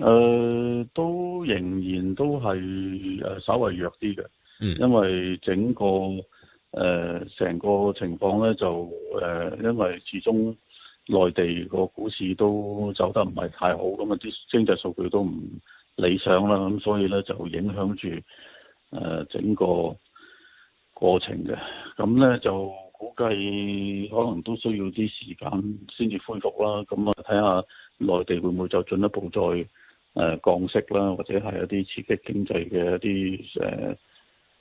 誒、呃、都仍然都係稍微弱啲嘅，嗯，因為整個誒成、呃、個情況咧就誒、呃，因為始終內地個股市都走得唔係太好，咁啊啲經濟數據都唔理想啦，咁所以咧就影響住、呃、整個過程嘅。咁咧就估計可能都需要啲時間先至恢復啦。咁啊睇下內地會唔會就進一步再。誒、呃、降息啦，或者係有啲刺激經濟嘅一啲誒、呃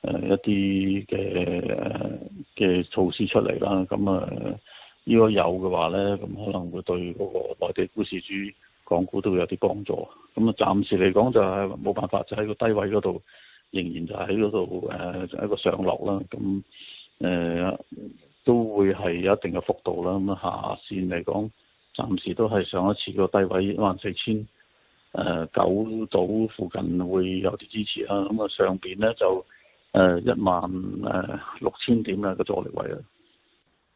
呃、一啲嘅嘅措施出嚟啦。咁、嗯、啊、呃，如果有嘅話咧，咁、嗯、可能會對嗰個內地股市主港股都會有啲幫助。咁、嗯、啊，暫時嚟講，就係冇辦法，就喺、是、個低位嗰度，仍然就喺嗰度就一個上落啦。咁、嗯、誒、呃、都會係有一定嘅幅度啦。咁、嗯、啊，下線嚟講，暫時都係上一次個低位一萬四千。誒、呃、九道附近會有啲支持啊，咁、嗯、啊上邊咧就誒、呃、一萬誒、呃、六千點啦個阻力位啊。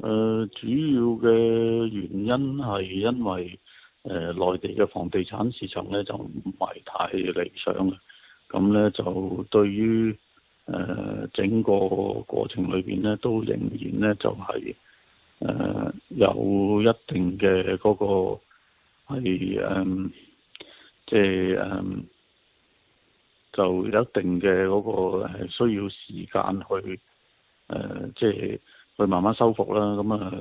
誒、呃，主要嘅原因係因為誒內、呃、地嘅房地產市場咧就唔係太理想，咁咧就對於誒、呃、整個過程裏邊咧都仍然咧就係、是、誒、呃、有一定嘅嗰、那個係誒即係誒就有一定嘅嗰個係需要時間去誒即係。呃就是去慢慢收復啦，咁啊，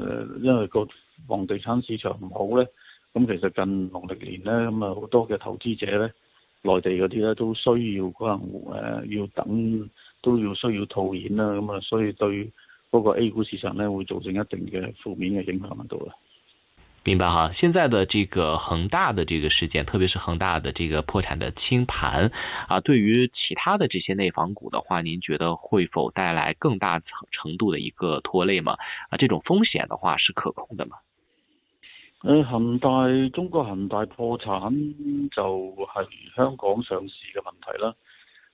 因為個房地產市場唔好咧，咁其實近農曆年咧，咁啊好多嘅投資者咧，內地嗰啲咧都需要可能誒要等，都要需要套現啦，咁啊，所以對嗰個 A 股市場咧會造成一定嘅負面嘅影響喺度啦。明白哈，現在的這個恒大的這個事件，特別是恒大的這個破產的清盤，啊，對於其他的這些內房股的話，您覺得會否帶來更大程程度的一個拖累嘛？啊，這種風險的話是可控的嘛？誒，恒大，中國恒大破產就係香港上市嘅問題啦。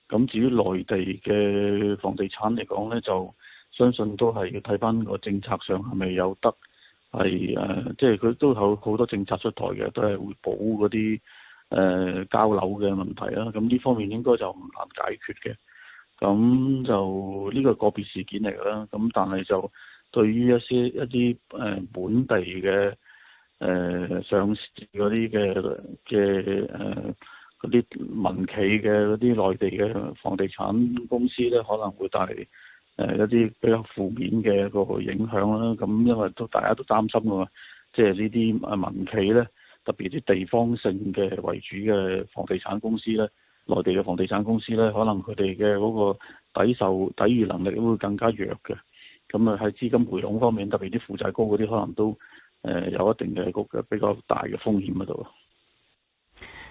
咁至於內地嘅房地產嚟講咧，就相信都係要睇翻個政策上係咪有得。係誒、啊，即係佢都有好多政策出台嘅，都係會保嗰啲誒交樓嘅問題啦。咁呢方面應該就唔難解決嘅。咁就呢個個別事件嚟嘅啦。咁但係就對於一些一啲誒、本地嘅誒、呃、上市嗰啲嘅嘅誒啲民企嘅嗰啲內地嘅房地產公司咧，可能會帶嚟。誒一啲比較負面嘅個影響啦，咁因為都大家都擔心嘅嘛，即係呢啲誒民企咧，特別啲地方性嘅為主嘅房地產公司咧，內地嘅房地產公司咧，可能佢哋嘅嗰個抵受抵禦能力都會更加弱嘅，咁啊喺資金回籠方面，特別啲負債高嗰啲，可能都誒有一定嘅嗰個比較大嘅風險喺度。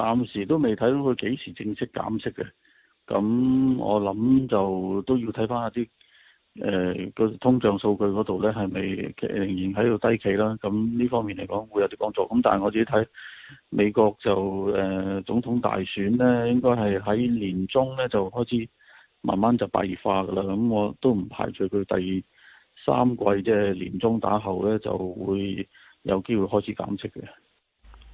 暫時都未睇到佢幾時正式減息嘅，咁我諗就都要睇翻下啲誒個通脹數據嗰度咧，係咪仍然喺度低企啦？咁呢方面嚟講會有啲幫助。咁但係我自己睇美國就誒、呃、總統大選咧，應該係喺年中咧就開始慢慢就白熱化噶啦。咁我都唔排除佢第三季即係年中打後咧就會有機會開始減息嘅。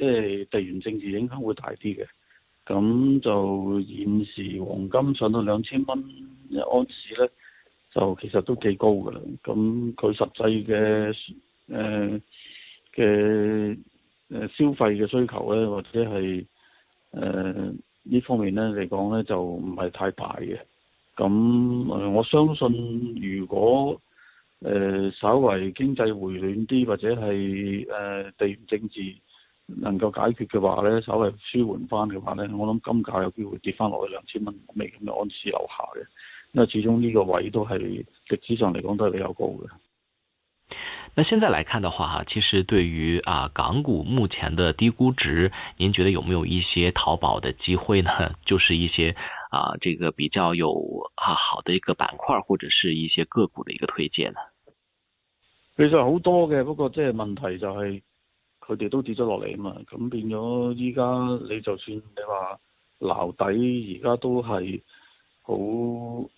即係地緣政治影響會大啲嘅，咁就現時黃金上到兩千蚊一盎司咧，就其實都幾高㗎啦。咁佢實際嘅誒嘅誒消費嘅需求咧，或者係誒呢方面咧嚟講咧，就唔係太大嘅。咁誒，我相信如果誒、呃、稍為經濟回暖啲，或者係誒、呃、地緣政治能夠解決嘅話呢，稍微舒緩翻嘅話呢，我諗金價有機會跌翻落去兩千蚊尾咁嘅安士樓下嘅，因為始終呢個位都係嘅歷史嚟講都係比較高嘅。那現在來看的話，其實對於啊港股目前的低估值，您覺得有冇一些淘寶嘅機會呢？就是一些啊這個比較有啊好的一個板塊或者是一些個股嘅一個推薦呢？其實好多嘅，不過即係問題就係、是。佢哋都跌咗落嚟啊嘛，咁變咗依家你就算你話撈底，而家都係好誒唔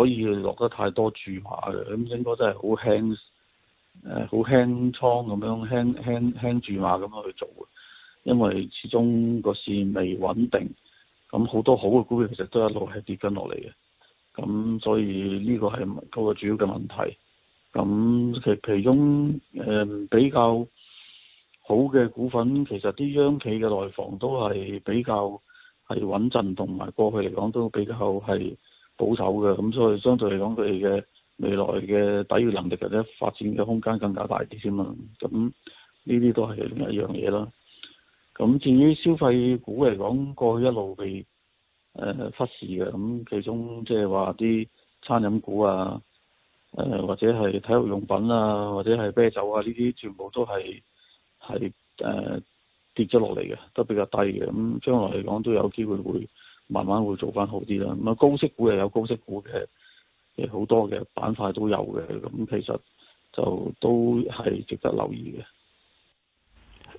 可以落得太多注碼嘅，咁應該真係好輕誒好、呃、輕倉咁樣輕輕輕注碼咁樣去做嘅，因為始終個市未穩定，咁好多好嘅股票其實都一路係跌緊落嚟嘅，咁所以呢個係嗰個主要嘅問題，咁其其中誒、呃、比較。好嘅股份，其實啲央企嘅內房都係比較係穩陣，同埋過去嚟講都比較係保守嘅，咁所以相對嚟講，佢哋嘅未來嘅抵禦能力或者發展嘅空間更加大啲添嘛。咁呢啲都係另一樣嘢啦。咁至於消費股嚟講，過去一路被誒、呃、忽視嘅，咁其中即係話啲餐飲股啊，誒、呃、或者係體育用品啊，或者係啤酒啊，呢啲全部都係。係誒、呃、跌咗落嚟嘅，都比較低嘅。咁將來嚟講都有機會會慢慢會做翻好啲啦。咁高息股又有高息股嘅，亦好多嘅板塊都有嘅。咁其實就都係值得留意嘅。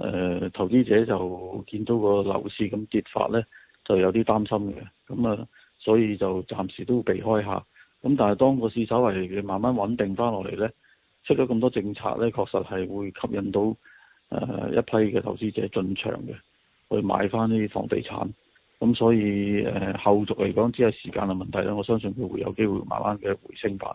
誒投資者就見到個樓市咁跌法呢，就有啲擔心嘅，咁啊，所以就暫時都避開下。咁但係當個市稍為慢慢穩定翻落嚟呢，出咗咁多政策呢，確實係會吸引到誒、呃、一批嘅投資者進場嘅，去買翻啲房地產。咁所以誒、呃、後續嚟講，只係時間嘅問題啦。我相信佢會有機會慢慢嘅回升翻。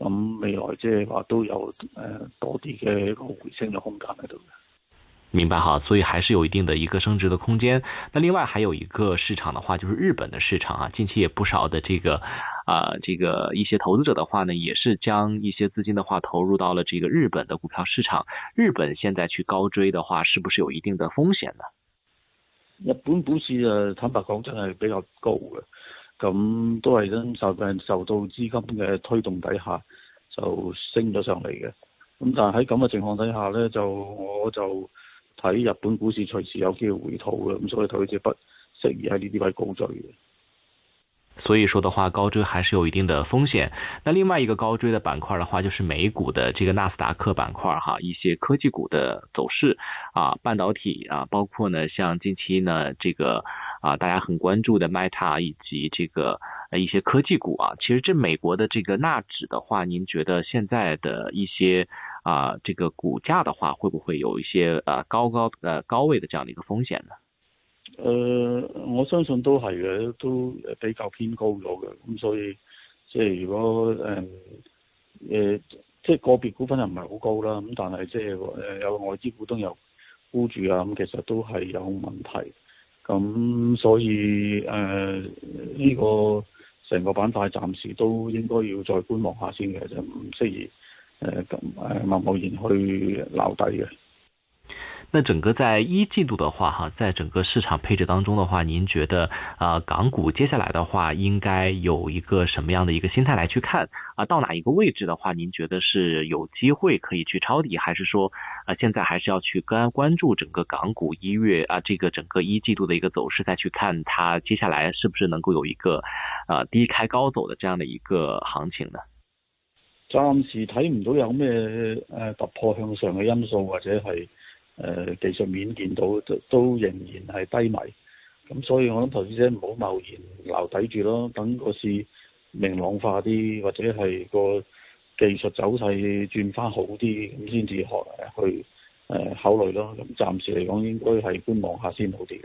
咁、嗯、未來即係話都有誒、呃、多啲嘅一個回升嘅空間喺度。明白哈，所以還是有一定的一個升值嘅空間。那另外還有一個市場的話，就是日本的市場啊，近期也不少的這個啊、呃，這個一些投資者的話呢，也是將一些資金的話投入到了這個日本的股票市場。日本現在去高追的話，是不是有一定的風險呢？日本股市坦白講，真係比較高嘅。咁都係真受並受到資金嘅推動底下就升咗上嚟嘅。咁但係喺咁嘅情況底下呢，就我就睇日本股市隨時有機會回吐啦。咁所以投資不適宜喺呢啲位高追。所以說的話，高追還是有一定的風險。那另外一個高追的板塊的話，就是美股的這個納斯達克板塊哈，一些科技股的走勢啊，半導體啊，包括呢，像近期呢，這個。啊，大家很關注的 Meta 以及這個一些科技股啊，其實這美國的這個納指的話，您覺得現在的一些啊這個股價的話，會不會有一些啊高高呃高位的這樣的一個風險呢？呃，我相信都係嘅，都比較偏高咗嘅，咁所以即係如果誒誒、呃呃、即係個別股份又唔係好高啦，咁但係即係誒有外資股東有沽住啊，咁其實都係有問題。咁、嗯、所以誒呢、呃，這個成個板塊暫時都應該要再觀望一下先嘅，就唔適宜誒咁誒貿貿然去撈底嘅。那整個在一季度的話，哈，在整個市場配置當中的話，您覺得啊、呃，港股接下來的話，應該有一個什麼樣的一個心態來去看？啊，到哪一個位置的話，您覺得是有機會可以去抄底，還是說啊，現在還是要去跟關注整個港股一月啊，這個整個一季度的一個走勢，再去看它接下來是不是能夠有一個啊低開高走的這樣的一個行情呢？暫時睇唔到有咩呃突破向上嘅因素，或者係。誒、呃、技術面見到都仍然係低迷，咁所以我諗投資者唔好貿然留底住咯，等個市明朗化啲，或者係個技術走勢轉翻好啲，咁先至可去誒、呃、考慮咯。咁暫時嚟講應該係觀望下先好啲嘅。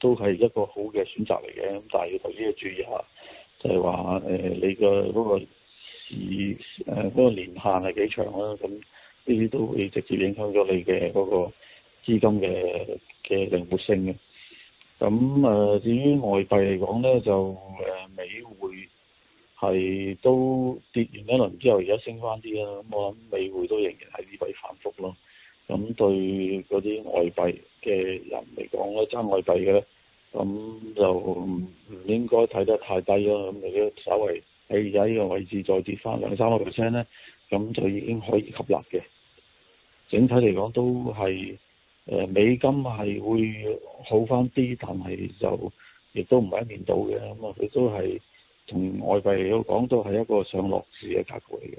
都係一個好嘅選擇嚟嘅，咁但係要投資要注意一下，就係話誒你嘅嗰個時誒嗰個年限係幾長啦，咁呢啲都會直接影響咗你嘅嗰個資金嘅嘅靈活性嘅。咁誒、呃、至於外幣嚟講咧，就誒、呃、美匯係都跌完一輪之後，而家升翻啲啦，咁我諗美匯都仍然係呢位反覆咯。咁對嗰啲外幣嘅人嚟講咧，揸外幣嘅咧，咁就唔應該睇得太低咯。咁如果稍微喺而家呢個位置再跌翻兩三個 percent 咧，咁就已經可以吸納嘅。整體嚟講都係美金係會好翻啲，但係就亦都唔係一面倒嘅。咁啊，佢都係同外幣嚟講都係一個上落市嘅格局嚟嘅。